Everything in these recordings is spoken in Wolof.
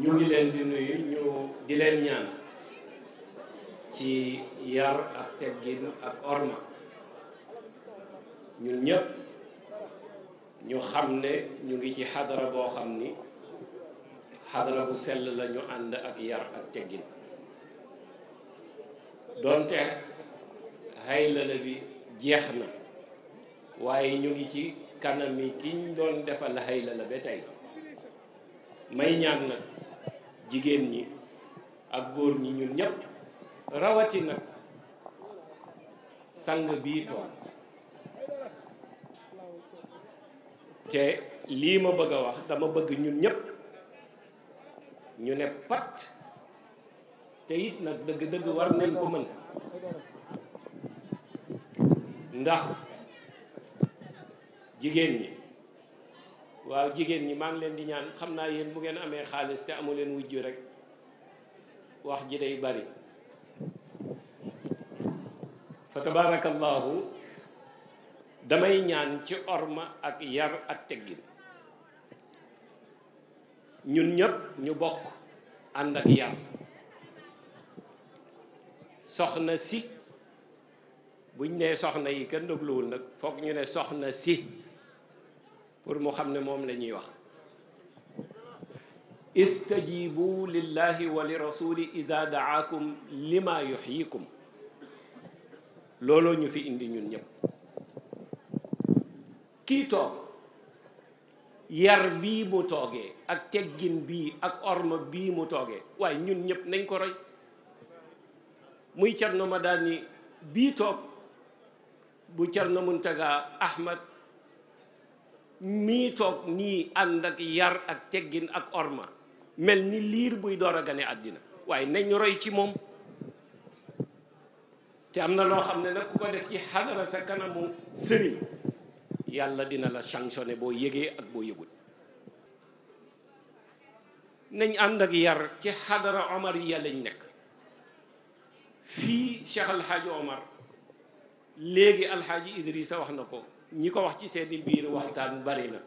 ñu ngi leen di nuyu ñu di leen ñaan ci yar ak teggin ak orma ñu ñëpp ñu xam ne ñu ngi ci xadara boo xam ni xadara bu sell lañu ànd ak yar ak teggin doonte xaylala bi jeex na waaye ñu ngi ci kanami kiñ doon defal xaylala ba tey may ñaan nag jigéen ñi ak góor ñi ñun ñëpp rawatina nag sang bii toog te lii ma bëgg a wax dama bëgg ñun ñépp ñu ne pat te it nag dëgg-dëgg war nañ ko mën ndax jigéen ñi waaw jigéen ñi maa ngi leen di ñaan xam naa yéen bu ngeen amee xaalis te amu leen wujju rek wax ji day bari fa tabaarakallaahu damay ñaan ci orma ak yar ak teggin ñun ñëpp ñu bokk ànd ak yar soxna si buñ nee soxna yi kenn dégluwul nag foog ñu ne soxna si pour mu xam ne moom la ñuy wax istajibu lillahi wa li ida daakum lima yuxyikum looloo ñu fi indi ñun ñëpp kii toog yar bii mu toogee ak teggin bii ak orma bii mu toogee waaye ñun ñëpp nañ ko roy muy Cerno Madani bii toog bu Cerno Muntaga Ahmad mii toog nii ànd ak yar ak teggin ak orma mel ni liir buy door a gane àddina waaye nañ roy ci moom te am na loo xam ne nag ku ko def ci xadara sa kanamu sëriñ yàlla dina la sanctionné boo yëgee ak boo yëgul nañ ànd ak yar ci xadara omar ya lañ nekk fii Cheikh Alhaaji Omar léegi alxaaji idrissa wax na ko ñi ko wax ci seeni biir waxtaan bari na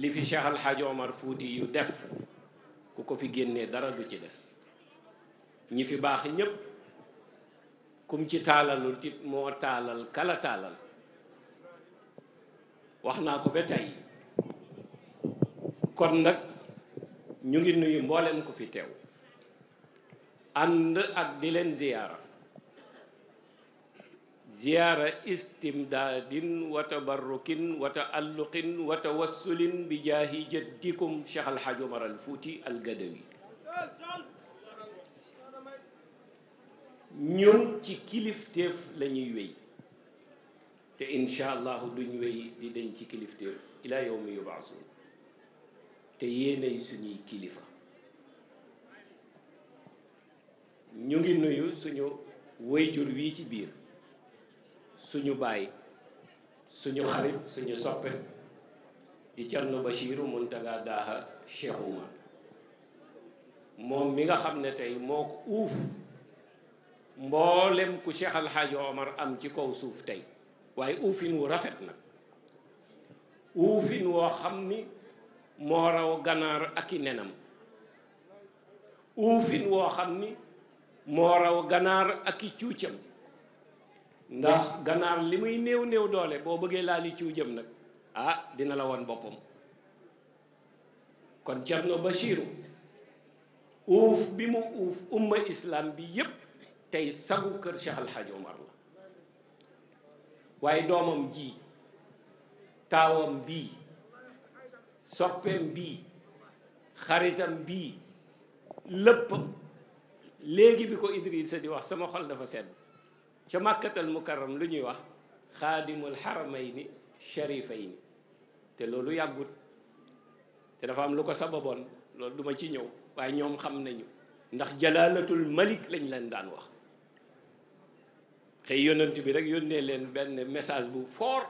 li fi cheikh alxaaji omar fuuti yu def ku ko fi génnee dara du ci des ñi fi baax ñépp kum ci taalalul it moo taalal kala taalal wax naa ko ba tey kon nag ñu ngi nuyu mboolem ko fi teew ànd ak di leen ziyaara ziyaara istimdaadin wa tabarrukin wa taalluqin wa tawassulin bi jaahi jaddikum Cheikh Al Hadj Omar Al Fouti Al Gadawi ñun ci kilifteef lañuy ñuy te incha allahu duñ wéy di dañ ci kilifteef ila yawmi yubaasun te yéenay suñuy kilifa ñu ngi nuyu suñu wayjur wii ci biir. suñu baay suñu xarit suñu soppe di Thierno Bachirou Mountaga Daha Cheikh Oumar moom mi nga xam ne tey moo ko uuf mboolem ku Cheikh Alhaaji Omar am ci kaw suuf tey waaye uufin wu rafet na uufin woo xam ni moo raw ganaar ak i nenam uufin woo xam ni moo raw ganaar ak i cuucam ndax ganaar li muy néew néew doole boo bëggee laal yi ciw jëm nag ah dina la woon boppam kon Cerno Bachiru uuf bi mu uuf umma islam bi yépp tey sagu kër Cheikh Al la waaye doomam ji taawam bii soppeem bii xaritam bii lépp léegi bi ko Idrissa di wax sama xol dafa sedd ca màkkatal mukarram lu ñuy wax xaadimul xaramayni sharifayni te loolu yàggut te dafa am lu ko sababoon loolu duma ci ñëw waaye ñoom xam nañu ndax jalaalatul malik lañ leen daan wax xëy yonent bi rek yónnee leen benn message bu fort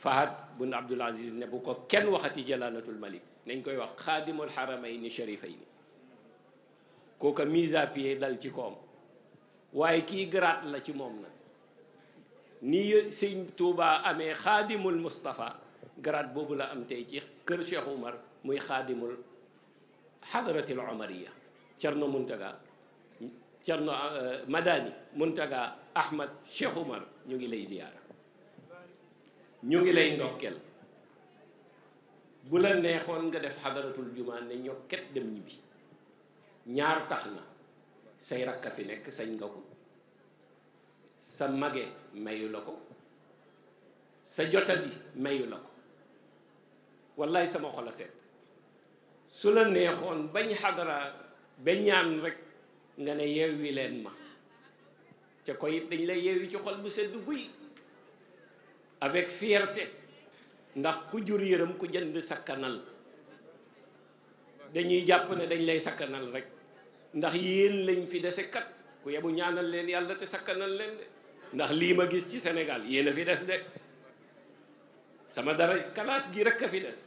Fahad bun Abdul Aziz ne bu ko kenn waxati jalaalatul malik nañ koy wax xaadimul xaramayni sharifayni kooka mise à pied dal ci koom waaye kii garaat la ci moom nag ni sëñ Tuuba amee xaadimul Moustapha garaat boobu la am tey ci kër Cheikh Oumar muy xaadimul xadratil omariya Cerno Muntaga Cerno eh, Madani Muntaga Ahmad Cheikh Oumar ñu ngi lay ziyaara ñu ngi lay ndokkeel bu la neexoon nga def xadaratul jumaa ne ñokket dem ñibbi ñaar tax na say rakka fi nekk sañ nga ko sa mage mayu la ko sa jotadi mayu la ko wallaay sama xol a set su la neexoon bañ xadara ba ñaan rek nga ne yeewi leen ma ca ko it dañ lay yeewi ci xol bu sedd guy avec fierté ndax ku jur yërëm ku jënd sakkanal dañuy jàpp ne dañ lay sakkanal rek ndax yéen lañ fi dese kat ku yebu ñaanal leen yàlla te sakkanal leen de ndax lii ma gis ci Sénégal yéen a fi des de sama dara kalaas gi rek a fi des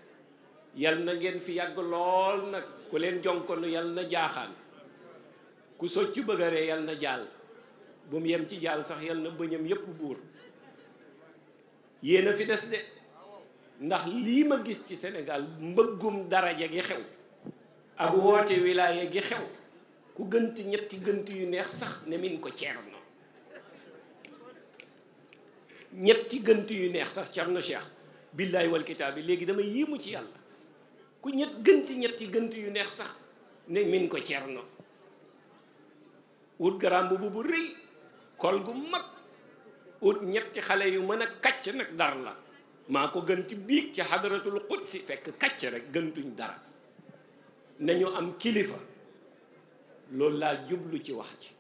yal na ngeen fi yàgg lool nag ku leen jonkonu yal na jaaxaan ku socc bëggaree yal na jàll bu mu yem ci jaal sax yal na bëñam yépp buur yéen a fi des de ndax lii ma gis ci Sénégal mbëggum daraja gi xew ak woote wilaaya gi xew ku gënt ñetti gënt yu neex sax ne min ko ceerno ñetti gënt yu neex sax ceerno cheikh billaay wal kitaab yi léegi dama yéemu ci yàlla ku ñett gënt ñetti gënt yu neex sax ne min ko ceerno wut garaam bu bu rëy kol gu mag ut ñetti xale yu mën a kàcc nag dar la maa ko gënt ci biig ci xadaratul qudsi fekk kàcc rek gëntuñ dara nañu am kilifa loolu laa jublu ci wax ci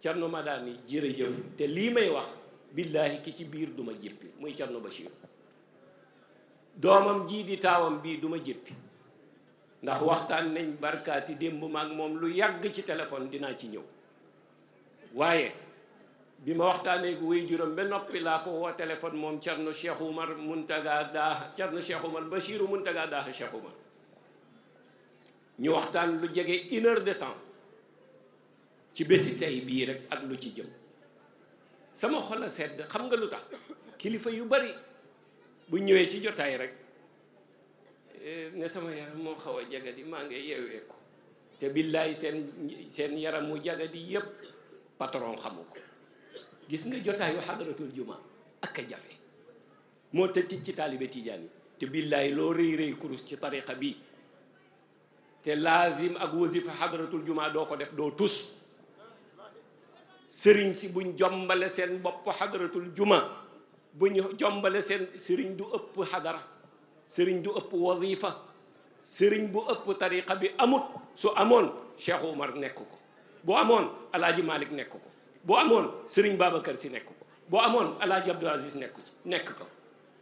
Thierno Madani jërëjëf te lii may wax billaahi ki ci biir duma jéppi muy Thierno Bachir doomam jii di taawam bii duma jéppi ndax waxtaan nañ barkaati démb maag moom lu yàgg ci téléphone dinaa ci ñëw waaye bi ma waxtaan gu wéy juróom ba noppi laa ko woo téléphone moom Thierno Cheikh Oumar Muntaga Daha Thierno Cheikh Oumar Bachir Muntaga Daha Cheikh Oumar ñu waxtaan lu jege une de temps ci bési tey bii rek ak lu ci jëm sama xol a sedd xam nga lu tax kilifa yu bari bu ñëwee ci jotaay rek eh, ne sama yaram moo xaw a jagadi maa ngi yeewee ko te billaay seen seen yaram mu jagadi yépp patron xamu ko gis nga jotaayu xadaratul juma ak a jafe moo tëj ci taalibe tijaan yi te billaay loo rëy rëy kurus ci tariqa bi te laazim ak wasifa xadratul juma doo ko def doo tus sëriñ si buñ jombale seen bopp xadratul juma buñ jombale seen sëriñ du ëpp xadara sëriñ du ëpp wasifa sëriñ bu ëpp tariqa bi amut su amoon Cheikh Umar nekk ko bu amoon alaaji Malik nekk ko bu amoon sëriñ Babacar si nekk ko bu amoon alaaji Abdou Aziz nekk nekk ko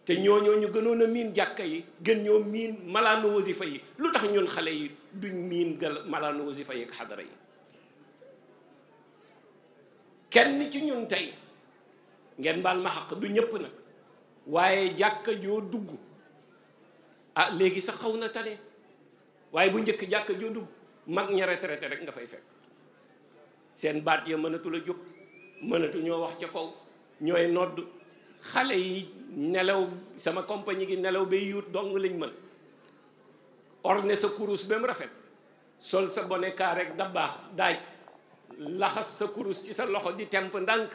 te ñooñoo ñu gënoon miin jàkka yi gën ñoo miin malaanu wasifa yi lu tax ñun xale yi duñ miin gal malaanu wasifa yeeg xadara yi kenn ci ñun tey ngeen baal ma xaq du ñëpp nag waaye jàkka joo dugg ah léegi sax xaw na tane waaye bu njëkk jàkka joo dugg mag ña retraité rek nga fay fekk seen baat ya mënatul a jóg mënatu ñoo wax ca kaw ñooy nodd xale yi nelaw sama compagnie gi nelaw ba yuut dong lañ mën ne sa kurus ba mu rafet sol sa boneka rek da baax daaj laxas sa kurus ci sa loxo di temp ndànk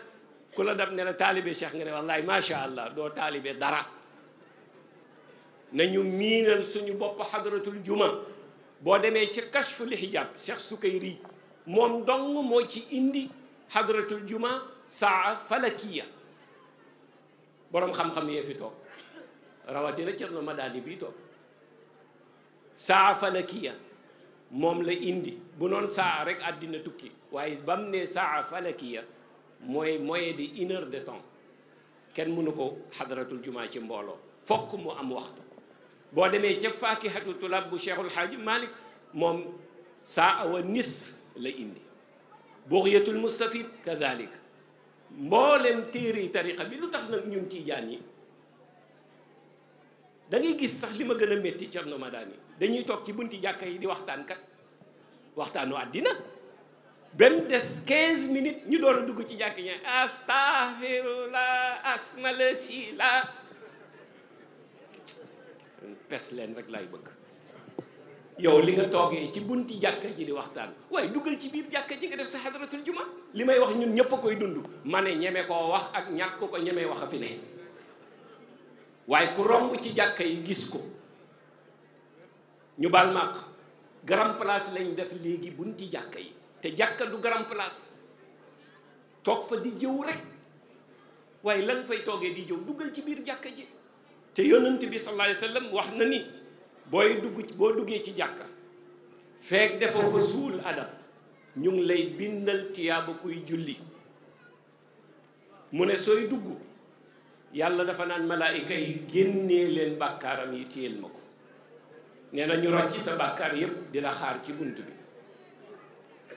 ku la dab ne la taalibe cheikh nga ne wallahi macha allah doo taalibee dara na ñu miinal suñu bopp xadratul juma boo demee ci kashfu li hijab cheikh sukayri moom dong moo ci indi xadratul juma saa falakiya boroom xam-xam yee fi toog rawatina Cerno Madani bii toog saa falakiya moom la indi bu noon saa rek àddina tukki waaye bam ne saa falakiya mooy moyen de une de temps kenn mënu ko xadratul jumaa ci mbooloo fokk mu am waxtu boo demee ca faakihatu tulab bu cheikhul xaaji malik moom saa awa nis la indi bughyatul mustafid kadalik mboolem téere tariqa bi lu tax nag ñun tiijaan yi dangay gis sax li ma gën a métti Cerno Madani dañuy toog ci bunti jàkka yi di waxtaan kat waxtaanu àddina ba mu des 15 minutes ñu door a dugg ci jàkk ña astaghfirullah si la pes laay bëgg yow li nga toogee ci bunti jàkka ji di waxtaan waaye duggal ci biir jàkka ji nga def sa xadratul juma li may wax ñun ñëpp koy dund ma ne ñeme koo wax ak ñàkk ko ñeme wax a fi ne waaye ku romb ci jàkka yi gis ko ñu baal màq grand place lañ def léegi bunti jàkka yi te jàkka du grand place toog fa di jëw rek waaye lan fay toogee di jëw duggal ci biir jàkka ji te yonent bi sallallahu alayhi wasallam wax na ni booy dugg boo duggee ci jàkka feek defoo fa suul adam ñu ngi lay bindal tiyaaba kuy julli mu ne sooy dugg yàlla dafa naan malaayika yi génnee leen bàkkaaram yi téyel ma ko ne na ñu ci sa bàkkaar yépp di la xaar ci bunt bi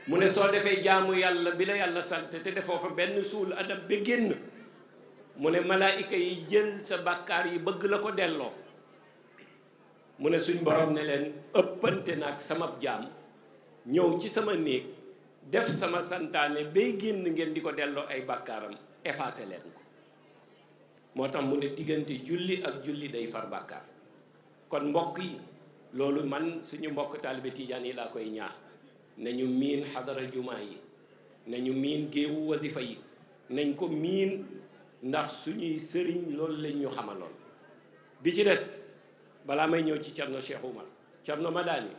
mu ne soo defee jaamu yàlla bi la yàlla sant te defoo fa benn suul adab ba génn mu ne malaayika yi jël sa bàkkaar yi bëgg la ko delloo mu ne suñ borom ne leen ëppante naag sama jaam ñëw ci sama néeg def sama santaane bay génn ngeen di ko delloo ay bàkkaaram effacé leen ko moo tax mu ne diggante julli ak julli day far bàkkaar kon mbokk yi loolu man suñu mbokk taalibe tiijaan yi laa koy ñaax nañu miin xadara jumaa yi nañu miin géewu wasifa yi nañ ko miin ndax suñuy sëriñ loolu lañ ñu xamaloon bi ci des balaa may ñëw ci Cerno Cheikh Oumar Cerno Madani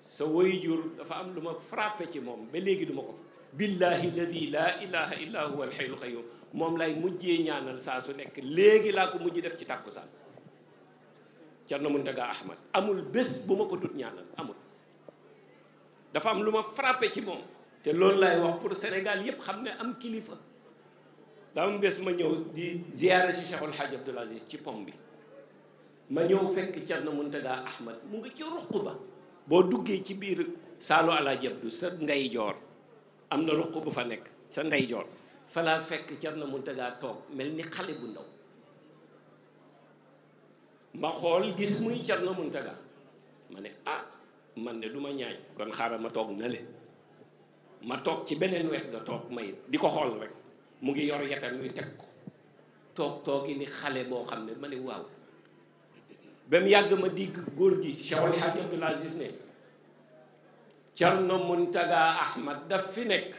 sa waajur dafa am lu ma frappé ci moom ba léegi duma ko billahi ladi laa ilaha illa huwa alxayyul qayyum moom lay mujjee ñaanal saa su nekk léegi laa ko mujj def ci tàkkusaan Thierno Mountaga Ahmad amul bés bu ma ko dut ñaanal amul dafa am lu ma frappé ci moom te loolu lay wax pour Sénégal yépp xam ne am kilifa daa am bés ma ñëw di ziyaare si Cheikh El Hadj ci pom bi ma ñëw fekk Thierno Mountaga Ahmad mu ngi ci ruq ba boo duggee ci biir saalu Alaaji Abdu sa ndey am na ruq bu fa nekk sa ndeyjoor falaa fekk Thierno Mountaga toog mel ni xale bu ndaw ma xool gis muy Thierno Mountaga ma ne ah man de du ma ñaañ kon xaaral ma toog nale ma toog ci beneen wet nga toog may di ko xool rek mu ngi yor yetan wi teg ko toog toogi ni xale boo xam ne ma ne waaw ba yàgg ma digg góor gi Cheikh El Hadj Abdoul Aziz ne Thierno Mountaga Ahmad daf fi nekk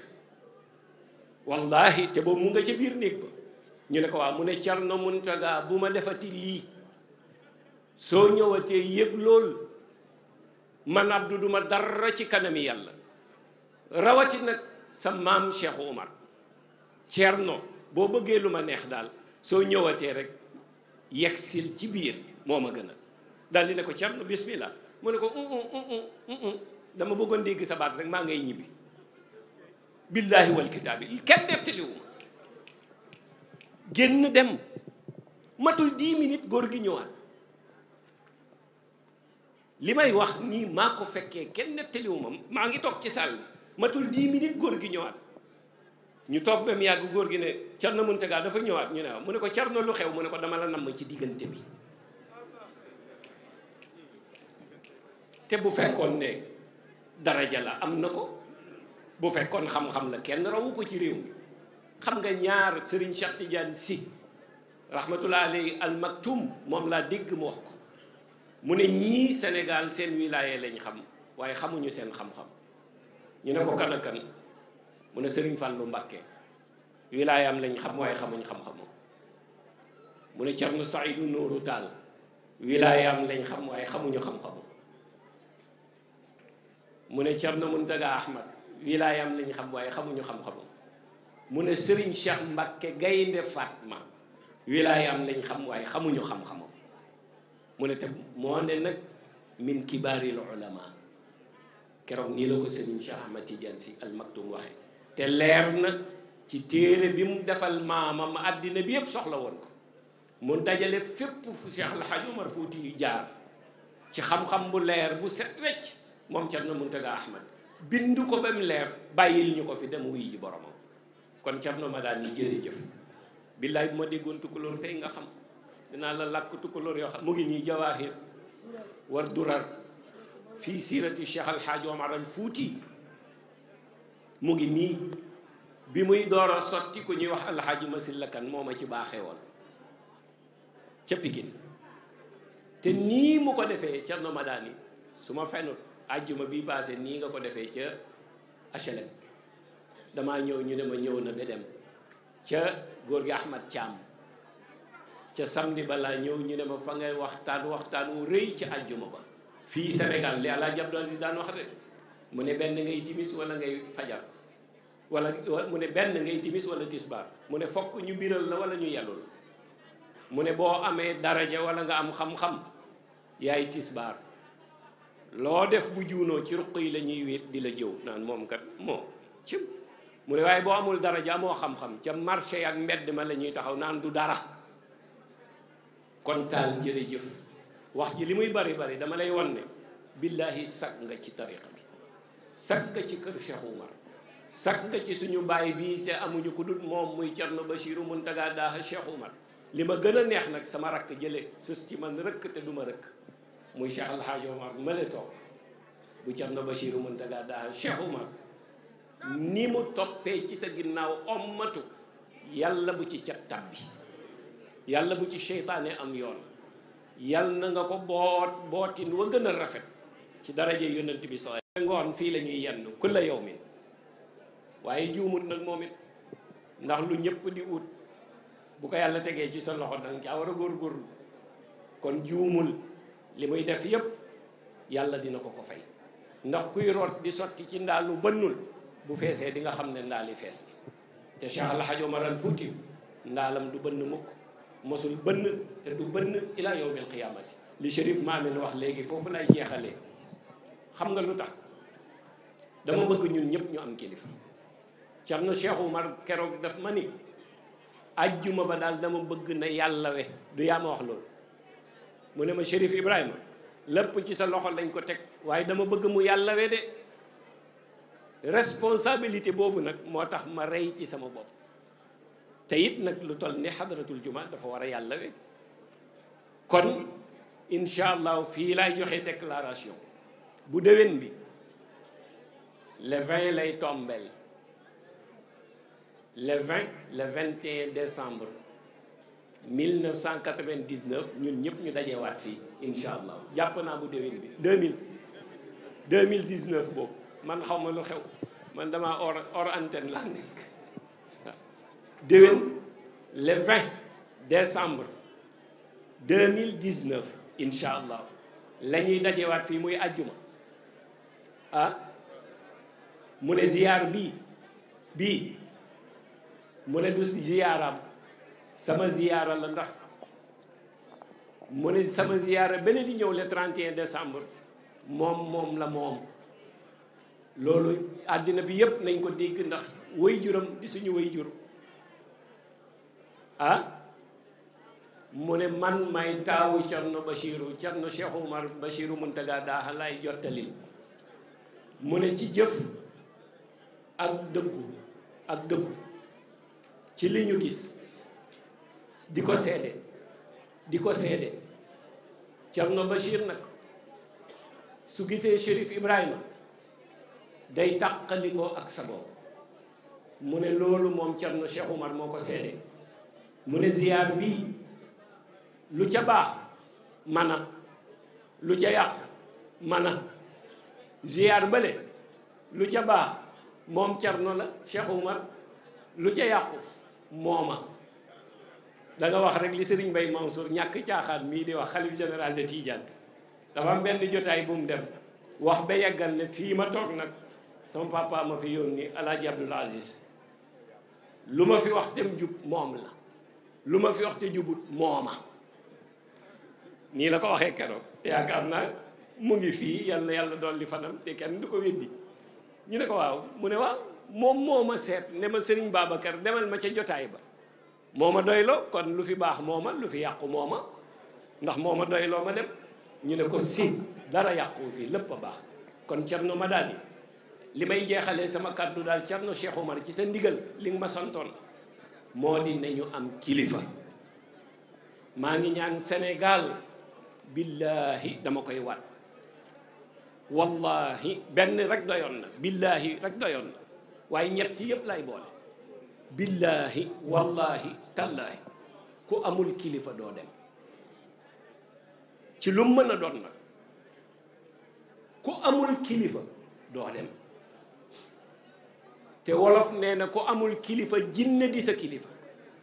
wallahi te boobu mu nga ca biir néeg ko ñu ne ko waaw mu ne Thierno Mountaga bu ma defati lii soo ñëwatee yëg lool man Abdou duma dara ci kanami yàlla rawati nag sa maam Cheikh Oumar Thierno boo bëggee lu ma neex daal soo ñëwatee rek yegsil ci biir moo ma gën a daal di ne ko Thierno bismillah mu ne ko mm, mm, mm, dama bëggoon gis sa baat rek maa ngay ñibbi billahi wal kitaabi kenn nettaliwuma génn dem matul dix minutes góor gi ñëwaat li may wax nii maa ko fekkee kenn nettaliwu maa ngi toog ci salle matul dix minutes góor gi ñëwaat ñu toog ba mu yàgg góor gi ne Thierno Mountaga dafa ñëwaat ñu ne waaw mu ne ko carna lu xew mu ne ko dama la namm ci diggante bi te bu fekkoon ne daraja la am na ko bu fekkoon xam-xam la kenn rawu ko ci réew mi xam nga ñaar Serigne Cheikh Tidiane Sy rahmatullah alayhi al maktum moom laa dégg mu wax ko mu ne ñii Sénégal seen wilaya lañ xam waaye xamuñu seen xam-xam ñu ne ko kan ak kan mu ne Serigne Fallou Mbacké wilayaam lañ xam waaye xamuñ xam-xamam mu ne Thierno Saïdou Nourou Tall wilayaam lañ xam waaye xamuñu xam mu ne Thierno Mountaga Ahmad wilayaam lañ xam waaye xamuñu xam-xamam mu ne Serigne Cheikh Mbacké Gaynde Fatma am lañ xam waaye xamuñu xam-xamam mu ne te moo ne nag min kibaaril ulama keroog nii la ko sëriñ Cheikh ma Tidiane si almaktum waxe te leer na ci téere bi mu defal maamam àddina bi yëpp soxla woon ko mu dajale fépp fu Cheikh El Hadj Omar Fouti jaar ci xam-xam bu leer bu set wecc moom Thierno Mountaga Ahmad bind ko ba mu leer bàyyil ñu ko fi dem wuy ji boromam kon Thierno ma daal ni jërëjëf billaay bu ma déggoon tukulóor tey nga xam dinaa la làkk tukulóor yoo xam mu ngi nii jawaahir war durar fii siirati Cheikh Al Fuuti mu ngi nii bi muy door sotti ku ñuy wax Al Hadj Masilla Kan moo ma ci baaxee woon ca Pikine te nii mu ko defee Cerno Madani su ma fenut àjjuma bi paase nii nga ko defee ca HLM dama ñëw ñu ne ma ñëw na ba dem ca góor gi Ahmad Thiam. ca samedi balaa ñëw ñu ne ma fa ngay waxtaan waxtaan wu rëy ci àjjuma ba fii senegal li Alaaji Abdou daan wax de mu ne benn ngay timis wala ngay fajar wala mu ne benn ngay timis wala tisbaar mu ne fokk ñu biral la wala ñu yellul mu ne boo amee daraja wala nga am xam-xam yaay tisbaar loo def bu juunoo ci ruq yi la ñuy wéet di la jëw naan moom kat moo cim mu ne waaye boo amul daraja amoo xam-xam ca marché ak mbedd ma la ñuy taxaw naan du dara kon taal jërëjëf wax ji li muy bari bari dama lay wan ne billaahi sag nga ci tariqa bi sag nga ci kër Cheikh Oumar sag nga ci suñu baay bii te amuñu ku dul moom muy Thierno Bachirou Mountaga Daha Cheikh Oumar li ma gën a neex nag sama rakk jële sës man rëkk du ma rëkk muy Cheikh El Hadj Oumar toog bu Thierno Bachirou Mountaga Daha Cheikh Oumar ni mu toppee ci sa ginnaaw ommatu yàlla bu ci cat tab bi yàlla bu ci seytaane am yoon yàlla na nga ko boot bootin wa gën a rafet ci daraje yonent bi sa ngoon fii la ñuy yenn ku la yow mi waaye juumut nag moom it ndax lu ñëpp di ut bu ko yàlla tegee ci sa loxo danga caa war a góor góorgóorlu kon juumul li muy def yépp yàlla dina ko ko fay ndax kuy root di sotti ci ndaalu bënnul bu feesee di nga xam ne ndaali fees te Cheikh Al Hadj Omar Al Fouti ndaalam du bënn mukk mosul bënn te du bënn ila yawmil qiyaamati li Chérif Maamel wax léegi foofu lay jeexalee xam nga lu tax dama bëgg ñun ñëpp ñu am kilifa Cerno Cheikh ma keroog daf ma ni ajjuma ba daal dama bëgg na yàlla we du yaa wax loolu mu ne ma Chérif Ibrahima lépp ci sa loxo lañ ko teg waaye dama bëgg mu yàlla we de responsabilité boobu nag moo tax ma rey ci sama bopp te it nag lu toll ni xadaratul juma dafa war a yàlla we kon incha allah fii laay joxe déclaration bu déwén bi le 20 lay tombel le 20 le 21 décembre 1999 ñun ñëpp ñu dajewaat fii incha allah jàpp naa bu déwén bi mille 2000 2019 boobu man xaw ma lu xew man dama hors or antenne laa nekk déwén le 20 décembre 2019 incha allah la ñuy dajewaat fii muy àjjuma ah mu ne ziyaar bii bii mu ne du ziyaaraam sama ziyaara la ndax mu ne sama ziyaara beneen di ñëw le 31 décembre moom moom la moom loolu àddina bi yépp nañ ko dégg ndax way juram di suñu way jur ah mu ne man may taawu Cerno Bachiru Cerno Cheikh Oumar Bachiru Muntaga daaxa lay jottali mu ne ci jëf ak dëggu ak dëggu ci li ñu gis di ko seede di ko seede Cerno Bachir nag su gisee Chérif Ibrahima day tàqali ko ak sago mu ne loolu moom Cerno Cheikh Oumar moo ko seede mu ne ziyaar bii lu ca baax man lu ca yàq mana a ziyaar mbale lu ca baax moom Cerno la Cheikh Oumar lu ca yàqu mooma danga wax rek li Serigne Mbaye Mansour ñàkk caaxaan mii di wax xalif général de Tidiane dafa am benn jotaay bu mu dem wax ba yeggal ne fii ma toog nag sama papa ma fi yónni Alaaji Abdoul Aziz lu ma fi wax dem jub moom la lu ma fi wax te jubut mooma nii la ko waxee keroog te yaakaar naa mu ngi fii yàlla yàlla dolli fanam te kenn du ko weddi ñu ne ko waaw mu ne waaw moom moo ma seet ne ma sëriñ Babacar demal ma ca jotaay ba moo ma doyloo kon lu fi baax mooma lu fi yàqu mooma ndax moo ma doyloo ma dem ñu ne ko si dara yàqu fii lépp a baax kon noo ma daal di li may jeexalee sama kàddu daal Cerno Cheikh Omar ci sa ndigal li nga ma santoon moo di nañu am kilifa maa ngi ñaan Sénégal billahi dama koy waat wallahi benn rek doyoon na billahi rek doyoon na waaye ñetti yëpp lay boole billahi wallahi tallahi ku amul kilifa doo dem ci lu mën doon nag ku amul kilifa doo dem te wolof nee na ku amul kilifa jinne di sa kilifa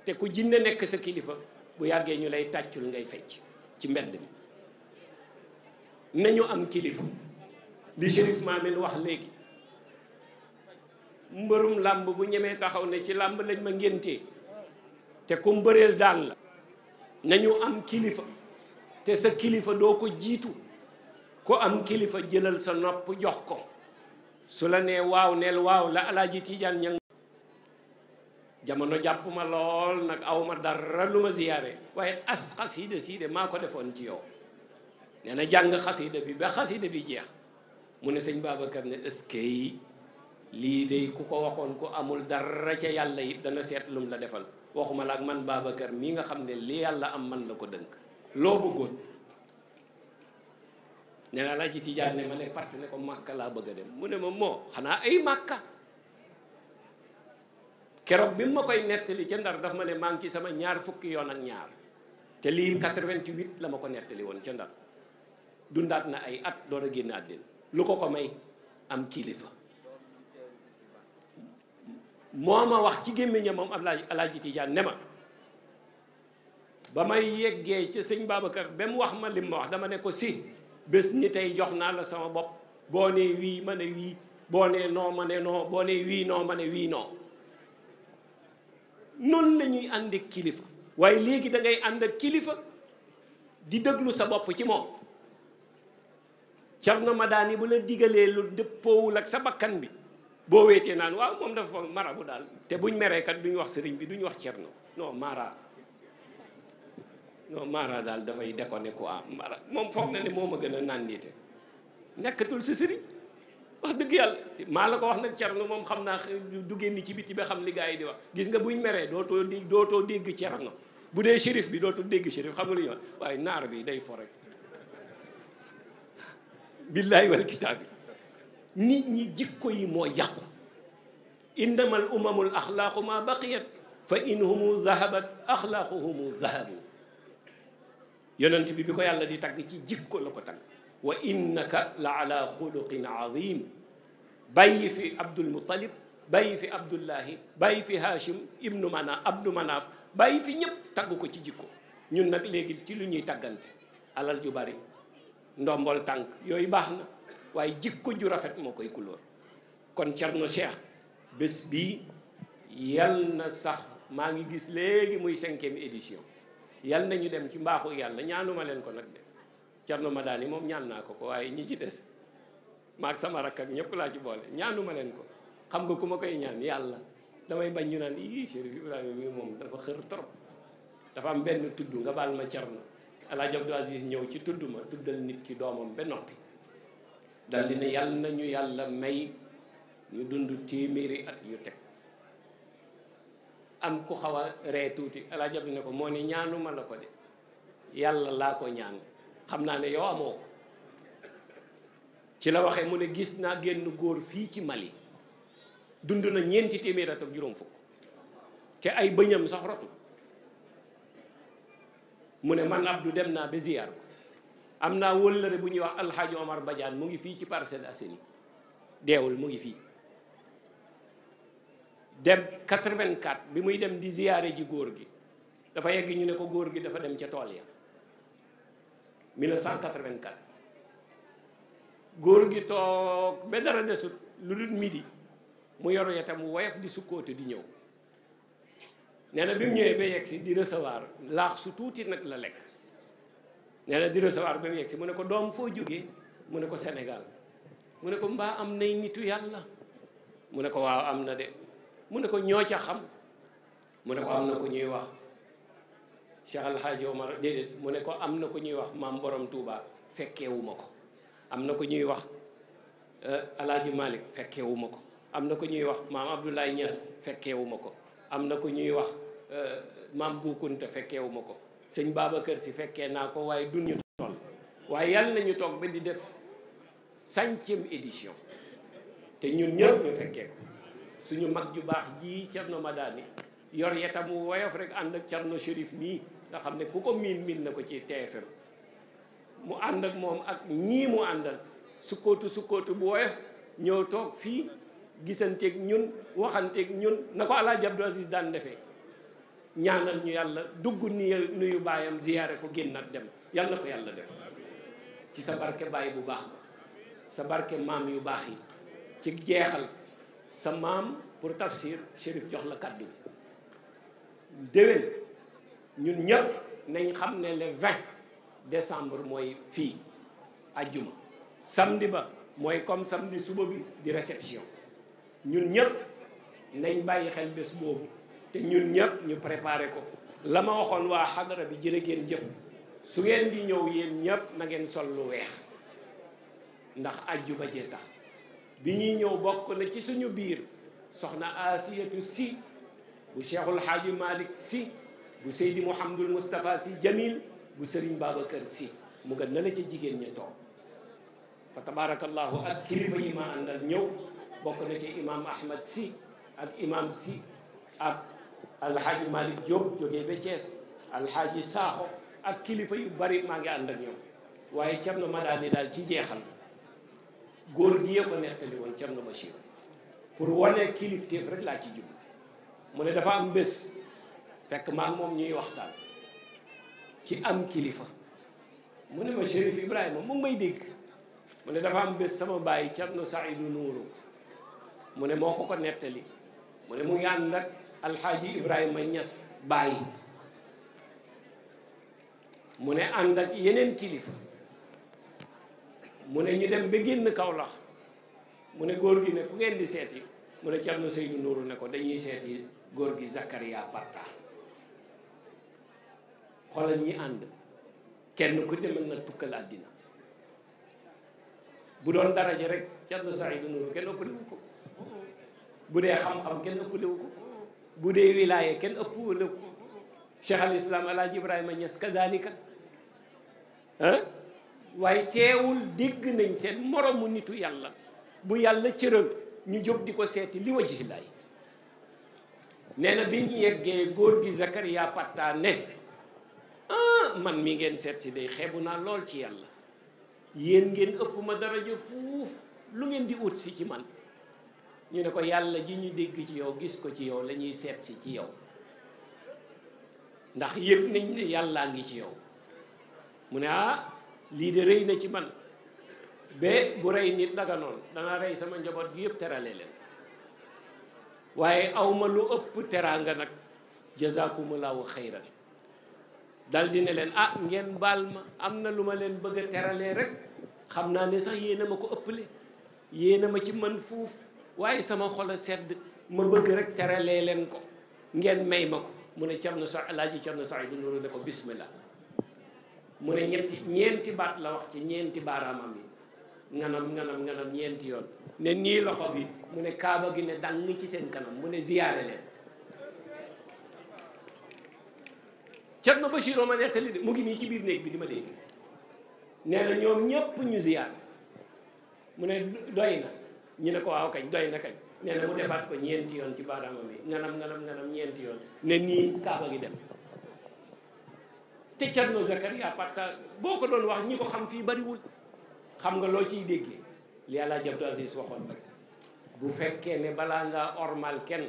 te ku jinne nekk sa kilifa bu yàggee ñu lay tàccul ngay fecc ci mbedd mi nañu am kilifa li Chérif Mamel wax léegi mbërum làmb bu ñemee taxaw na ci làmb lañ ma ngéntee te ku mbëreel daan la nañu am kilifa te sa kilifa doo ko jiitu ku am kilifa jëlal sa nopp jox ko su la nee waaw neel waaw la alaaji tiijaan ñang jamono jàppuma lool nag aw ma dara lu ma ziyaare waaye as xasida sii de maa ko defoon ci yow nee jàng xasida bi ba xasida bi jeex mu ne sëñ Babacar ne ëskey lii de ku ko waxoon ku amul dara ca yàlla it dana seet lum la defal waxuma la ak man Babacar mii nga xam ne li yàlla am man la ko dënk loo bëggoon nee naa laaj ci jaar ne ma ne parti ne ko màkka laa bëgg a dem mu ne ma moo xanaa ay màkka keroog bi mu ma koy nettali ca ndar daf ma ne maa ngi ci sama ñaar fukki yoon ak ñaar te lii 88 la ma ko nettali woon ca dundaat na ay at door génn àddina lu ko ko may am kilifa moo ma wax ci gémmiñam moom ab laaj alaaji Tijaan ne ma ba may yëggee ca sëñ Babacar ba mu wax ma li ma wax dama ne ko si bés ni tey jox naa la sama bopp boo nee wii ma ne wii boo nee noo ma ne noo boo nee wii noo ma ne wii noo noonu la ñuy ànd ak kilifa waaye léegi da ngay ànd ak kilifa di déglu sa bopp ci moom Cerno Madani bu la digalee lu dëppoowul ak sa bakkan bi boo weetee naan waaw moom dafa marabu daal te buñ meree kat duñ wax sëriñ bi duñ wax cerno non mara non Mara daal dafay déconné quoi Mara moom foog na ne moo ma gën a naan niite nekkatul si sëriñ wax dëgg yàlla maa la ko wax nag Thierno moom xam naa du ni ci biti ba xam li gars yi di wax gis nga buñ meree dootoo di dootoo dégg Thierno bu dee shérif bi dootul dégg shérif xam nga lu ñuy wax waaye naar bi day fo rek billaay wal nit ñi jikko yi moo yàqu innama al umamul axlaaqu ma baqiyat fa in humu zahabat axlaaquhumu zahabu yonent bi bi ko yàlla di tagg ci jikko la ko tagg wa innaka la ala xuluqin azim bàyyi fi abdul muttalib bàyyi fi abdullahi bàyyi fi hashim ibnu mana bàyyi fi ñëpp tagg ko ci jikko ñun nag léegi ci lu ñuy taggante alal ju bari ndombol tànk yooyu baax na waaye jikko ju rafet moo koy kulóor kon Cerno Cheikh bés bi yal na sax maa ngi gis léegi muy cinquième édition yal ñu dem ci mbaaxu yàlla ñaanuma leen ko nag de Cerno Madani moom ñaan naa ko ko waaye ñi ci des maak sama rakk ak ñëpp laa ci boole ñaanuma leen ko xam nga ku ma koy ñaan yàlla damay bañ ñu naan yii Chérif Ibrahima bi moom dafa xër trop dafa am benn tudd nga baal ma Cerno Alaaji Abdou Aziz ñëw ci tudd ma tuddal nit ki doomam be noppi dal di ne yàlla nañu yàlla may ñu dund téeméeri at yu teg am ku xaw a ree tuuti alaaji Abdu ko moo ni ñaanuma la ko de yàlla laa ko ñaan xam naa ne yow amoo ko ci la waxe mu ne gis naa génn góor fii ci Mali dund na ñeenti téeméer at ak juróom fukk te ay bëñam sax rotu mu ne man Abdou dem naa ba ko am naa wëllëre bu ñuy wax alxaaji Omar Badiane mu ngi fii ci Parcelles Assainies deewul mu ngi fii dem 84 bi muy dem di ziyaare ji góor gi dafa yegg ñu ne ko góor gi dafa dem ca tool ya 1984 góor gi toog ba dara desut lu dul midi mu yoru yatam woyof di sukkoote di ñëw nee na bi mu ñëwee ba yegg si di recevoir laax su tuuti nag la lekk nee di recevoir bi mu yegg si mu ne ko doom foo jógee mu ne ko Sénégal mu ne ko mbaa am nay nitu yàlla mu ne ko waaw am na de mu ne ko ñoo ca xam mu ne ko am na ko ñuy wax Cheikh Alhaji Omar déedéet mu ne ko am na ko ñuy wax maam borom Touba fekkeewuma ko am na ko ñuy wax Alhaji euh, malik fekkeewuma ko am na ko ñuy wax maam Abdoulaye Niass fekkeewuma ko am na ko ñuy wax euh, maam Boukounta fekkeewuma ko sëñ Babacar si fekkee naa ko waaye dun ñu waaye yàlla nañu toog ba di def cinquième édition te ñun ñëpp ñu fekkee ko suñu mag ju baax ji Cerno Madani yor yetam mu woyof rek ànd ak Cerno Chérif mii nga xam ne ku ko miin miin na ko ci TFM mu ànd ak moom ak ñii mu àndal sukkootu sukkootu bu woyof ñëw toog fii gisanteeg ñun waxanteeg ñun na ko Alaaji Abdou Aziz daan defee ñaanal ñu yàlla dugg ni nuyu baayam ziyaare ko génnaat dem yàlla ko yàlla def ci sa barke baay bu baax ba sa barke maam yu baax yi ci jeexal sa maam pour tafsir shérif jox la kàddu bi déwén ñun ñëpp nañ xam ne le 20 décembre mooy fii ajjuma samedi ba mooy comme samedi suba bi di réception ñun ñëpp nañ bàyyi xel bés boobu te ñun ñëpp ñu préparé ko la ma waxoon waa xadara bi jërë ngeen jëf su ngeen di ñëw yéen ñëpp na ngeen sol lu weex ndax ajjuma jee tax bi ñuy ñëw bokk na ci suñu biir soxna asiyatu si bu cheikhul haaji malik si bu seydi mouhamadul moustapha si jamil bu sëriñ babacar si mu nga ne ci jigéen ña toog fa tabarakallahu ak kilifa yi ma àndal ñëw bokk na ci imam ahmad si ak imam si ak alhaaji malik diop jógee ba Thiès alhaaji saaxo ak kilifa yu bari maa ngi ànd ak ñoom waaye cam na ma daal daal ci jeexal góor gi yee ko nettali woon Thierno Bachir pour wane kilifteef rek laa ci jublu mu ne dafa am bés fekk maak moom ñuy waxtaan ci am kilifa mu ne ma Chérif Ibrahima mu may dégg mu ne dafa am bés sama baay bàyyi Thierno Saïdou Nourou mu ne moo ko ko nettali mu ne mu ngi ànd alxaaji Ibrahima ñas bàyyi mu ne ànd yeneen kilifa mu ne ñu dem ba génn Kaolack mu ne góor gi ne ku ngeen di seeti mu ne Thierno Seydou ne ko dañuy seeti góor gi Zakaria Barta xoolal ñi ànd kenn ku demal na tukkal àddina bu doon daraja rek Thierno Seydou Nourou kenn ëppalewu ko bu dee xam-xam kenn ëppalewu ko bu dee wilaaye kenn ëppalewu ko Cheikh al Islam El Hadj Ibrahima Niass kadalika ah waaye teewul dégg nañ seen moromu nitu yàlla bu yàlla cëral ñu jóg di ko seeti li wajihillaay nee na bi ñu yeggee góor gi Zakaria Patta ne ah, man mi ngeen seet si day xeebu naa lool ci yàlla yéen ngeen ëpp ma daraja fuuf lu ngeen di ut si ci man ñu ne ko yàlla ji ñu dégg ci yow gis ko ci yow lañuy ñuy seet si ci yaw ndax yëg nañ ne yàllaa ngi ci yow mu ne ah lii de rëy na ci man ba bu rey nit daganoon danaa rey sama njaboot gi yëpp terale leen waaye awma lu ëpp teraanga nag jazakumullahu xayran dal di ne leen ah ngeen baal ma am na lu ma leen bëgg a teralee rek xam naa ne sax yéena ma ko ëppale yéena ma ci mën fuuf waaye sama xol a sedd ma bëgg rek teralee leen ko ngeen may ma ko mu ne Cerno Sa Alaaji Cerno Saydu Nuuru ne ko bismillah mu ne ñetti ñeenti baat la wax ci ñeenti baaraamam yi nganam nganam nganam ñeenti yoon ne nii loxo bi mu ne kaaba gi ne dang ci seen kanam mu ne ziyaare leen Cerno Bachiroo ma nettali mu ngi nii ci biir néeg bi di ma dégg nee ñu ziyaar mu ne doy na ñu ne ko waaw kañ doy na kañ nee na mu defaat ko yoon ci baaraamam yi nganam nganam nganam ñeenti yoon ne nii kaaba gi dem te Thierno Zakaria partage boo ko doon wax ñi ko xam fii bariwul xam nga loo ciy déggee li Alaaji Abdou Aziz waxoon rek bu fekkee ne balaa ngaa ormal kenn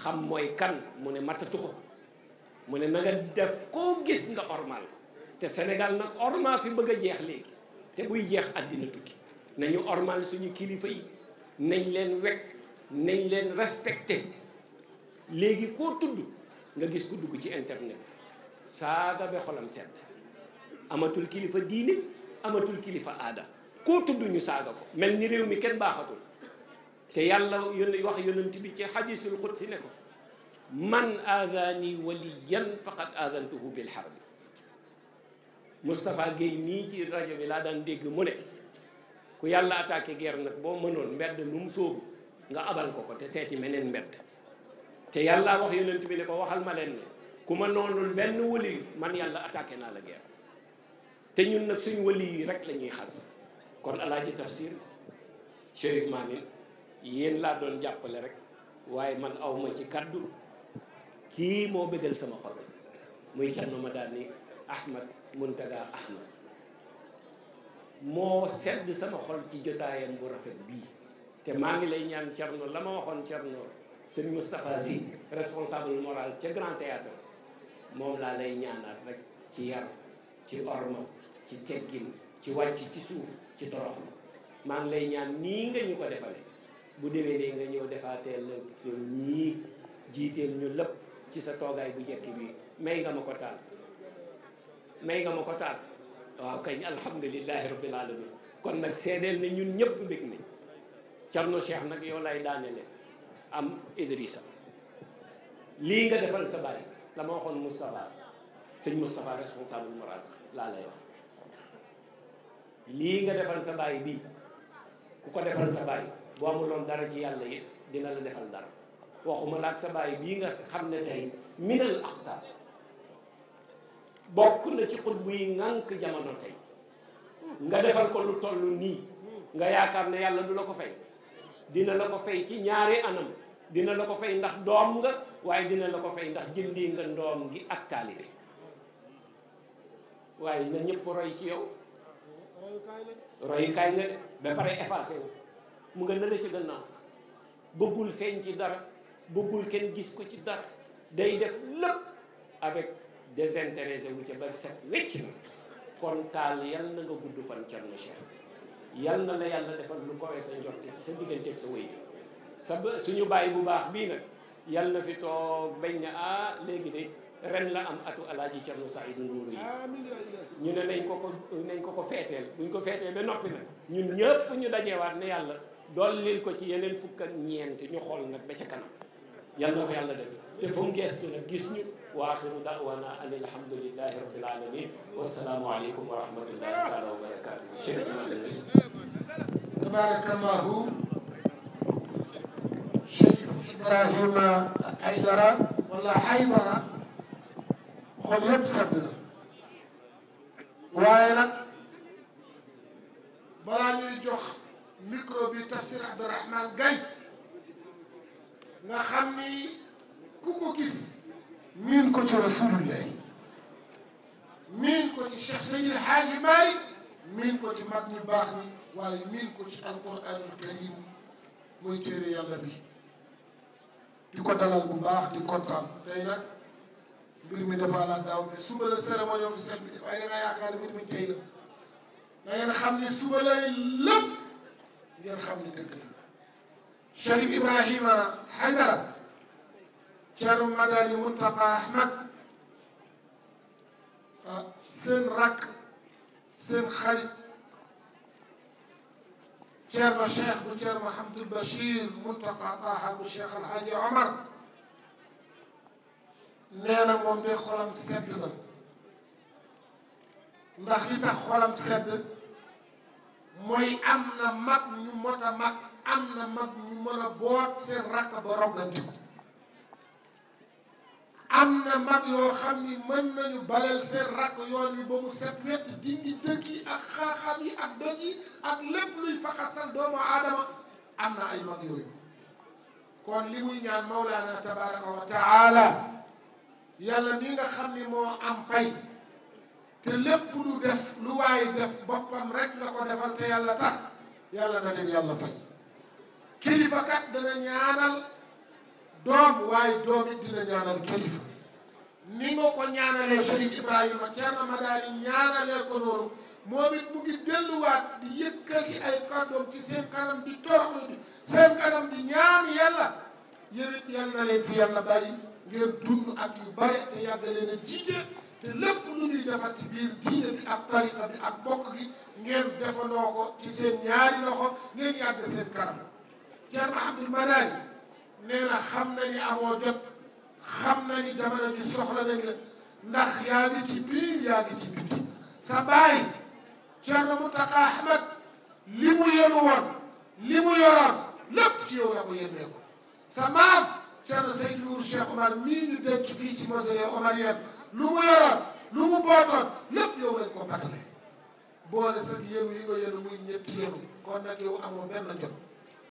xam mooy kan mu ne matatu ko mu ne na nga def koo gis nga ormal te Sénégal na ormal fi bëgg a jeex léegi te buy jeex àddina tukki nañu ormal suñu kilifa yi nañ leen wet nañ leen respecté léegi koo tudd nga gis ku dugg ci internet saaga ba xolam sedd amatul kilifa diine amatul kilifa aada koo tudd ñu saaga ko mel ni réew mi kenn baaxatul te yàlla yónni wax yonent bi ci xadisul qudsi ne ko man aadaani waliyan faqad aadantuhu bil harbi Moustapha Guèye nii ci rajo bi laa daan dégg mu ne ku yàlla attaqué guerre nag boo mënoon mbedd lu mu sóobu nga abal ko ko te seeti meneen mbedd te yàlla wax yonent bi ne ko waxal ma leen ku ma noonul benn wali man yàlla attaqué naa la guerre te ñun nag suñ wali yi rek la ñuy xas kon alaaji tafsir Chérif Mamin yéen laa doon jàppale rek waaye man awma ci kaddu kii moo bëggal sama xol muy ma Madani Ahmad Muntaga Ahmad moo sedd sama xol ci jotaayam bu rafet bii te maa ngi lay ñaan Thierno la ma waxoon Thierno sëñ Moustapha Sy responsable moral ca Grand Théâtre moom laa lay ñaanaat rek ci yar ci orma ci teggin ci wàcc ci suuf ci torox na ngi lay ñaan nii nga ñu ko defale bu déwénee nga ñëw defaateel na ñoom ñii jiiteel ñu lépp ci sa toogaay bu njëkk bi may nga ma ko taal may nga ma ko taal waaw kañ alhamdulilahi rabbil alamin kon nag seedeel ne ñun ñëpp bég nañ Cerno Cheikh nag yow lay daane ne am Idrissa lii nga defal sa bàyyi la ma waxoon Moustapha sëñ Moustapha responsable moral laa lay wax lii nga defal sa baay bii ku ko defal sa baay boo amuloon dara ci yàlla it dina la defal dara waxuma laak sa baay bii nga xam ne tey minal axtar bokk na ci xut buy ŋànk jamono tey nga defal ko lu toll nii nga yaakaar ne yàlla du la ko fay dina la ko fay ci ñaari anam dina la ko fay ndax doom nga waaye dina la ko fay ndax jëndee nga ndoom gi ak taalibe waaye na ñëpp roy ci yow royukaay nga de ba pare effacé wu mu nga nële ci gannaaw bëggul feeñ ci dara bëggul kenn gis ko ci dara day def lépp avec désintéressé wu ca ba set wecc na kon taal yal na nga gudd fan Thierno Cheikh yal na la yàlla defal lu kowee sa njorte sa digganteeg sa wéy bi sa suñu bàyyi bu baax bii nag yàlla na fi toog bañ ne ah léegi de ren la am atu alaaji sa Saydu Nuuru yi ñu ne nañ ko ko nañ ko ko feeteel buñ ko feetee ba noppi nag ñun ñëpp ñu waat ne yàlla dollil ko ci yeneen fukk ak ñu xool nag ba ca kanam yàlla na ko yàlla def te fu mu geestu nag gis ñu wa axiru daawana an alhamdulillahi rabbil alamin wasalaamu aleykum wa rahmatullahi taala wa barakatuh tabaarakallahu Ibrahima Aydara wala Aydara xol yëpp sedd na waaye nag jox micro bi Tafsir Abdourahmane Gaye nga xam ni ku ko gis miin ko ci Rasulullahi miin ko ci Cheikh Seydil Hadji Malick miin ko ci mag ñu baax ñi waaye karim mooy téere yàlla bi di ko dalal bu baax di kontaan tey nag mbir mi dafa laal daaw mais suba la cérémonie officielle bi waaye da nga yaakaar mbir mi tey la da ngeen xam ni suba lay lépp ngeen xam ni dëgg la Ibrahima Aïdara Thierno Madani Mountakha Ahmed ah seen rakk seen xarit Ceerno Cheikh bu Ceerno Hamdul Bachir Muntaqa Taha bu Cheikh Alhaji Omar nee na moom de xolam sedd mooy am na mag ñu mot a mag am na mag ñu mën boot seen rakk ba roggandiku am na mag yoo xam ni mën nañu balal seen rakk yoon wi ba mu set wett dingi dëkk yi ak xaaxaam yi ak dëj yi ak lépp luy faxasal doomu adama am na ay mag yooyu kon li muy ñaan mawlaana tabaraka wa taala yàlla mi nga xam ni moo am pay te lépp lu def lu waay def boppam rek nga ko defal te yàlla tax yàlla na leen yàlla kilifa kat dana ñaanal doom waaye doom it dina ñaanal kilifa ni nga ko ñaanalee Serigne Ibrahima Thierno Madani ñaanalee ko noonu moom it mu ngi delluwaat di yëkkati ay kàddoom ci seen kanam di toroxlu seen kanam di ñaan yàlla yow it yal na leen fi yàlla bàyyi ngeen dund ak yu bari te yàgg leen jiite te lépp lu ñuy defar ci biir diine bi ak tariqa bi ak bokk gi ngeen defandoo ko ci seen ñaari loxo ngeen yàgg seen kanam Thierno Abdoul Madani nee na xam na ni amoo jot xam na ni jamono ji soxla nañ la ndax yaa ngi ci biir yaa ngi ci biti sa baay Thierno Mountakha Ahmed li mu yenu woon li mu yoroon lépp ci yow la ko yennee ko sa maam Thierno lu mu yoroon yow ko batale boole sax yenu yi nga yenu muy ñetti yenu kon nag amoo benn jot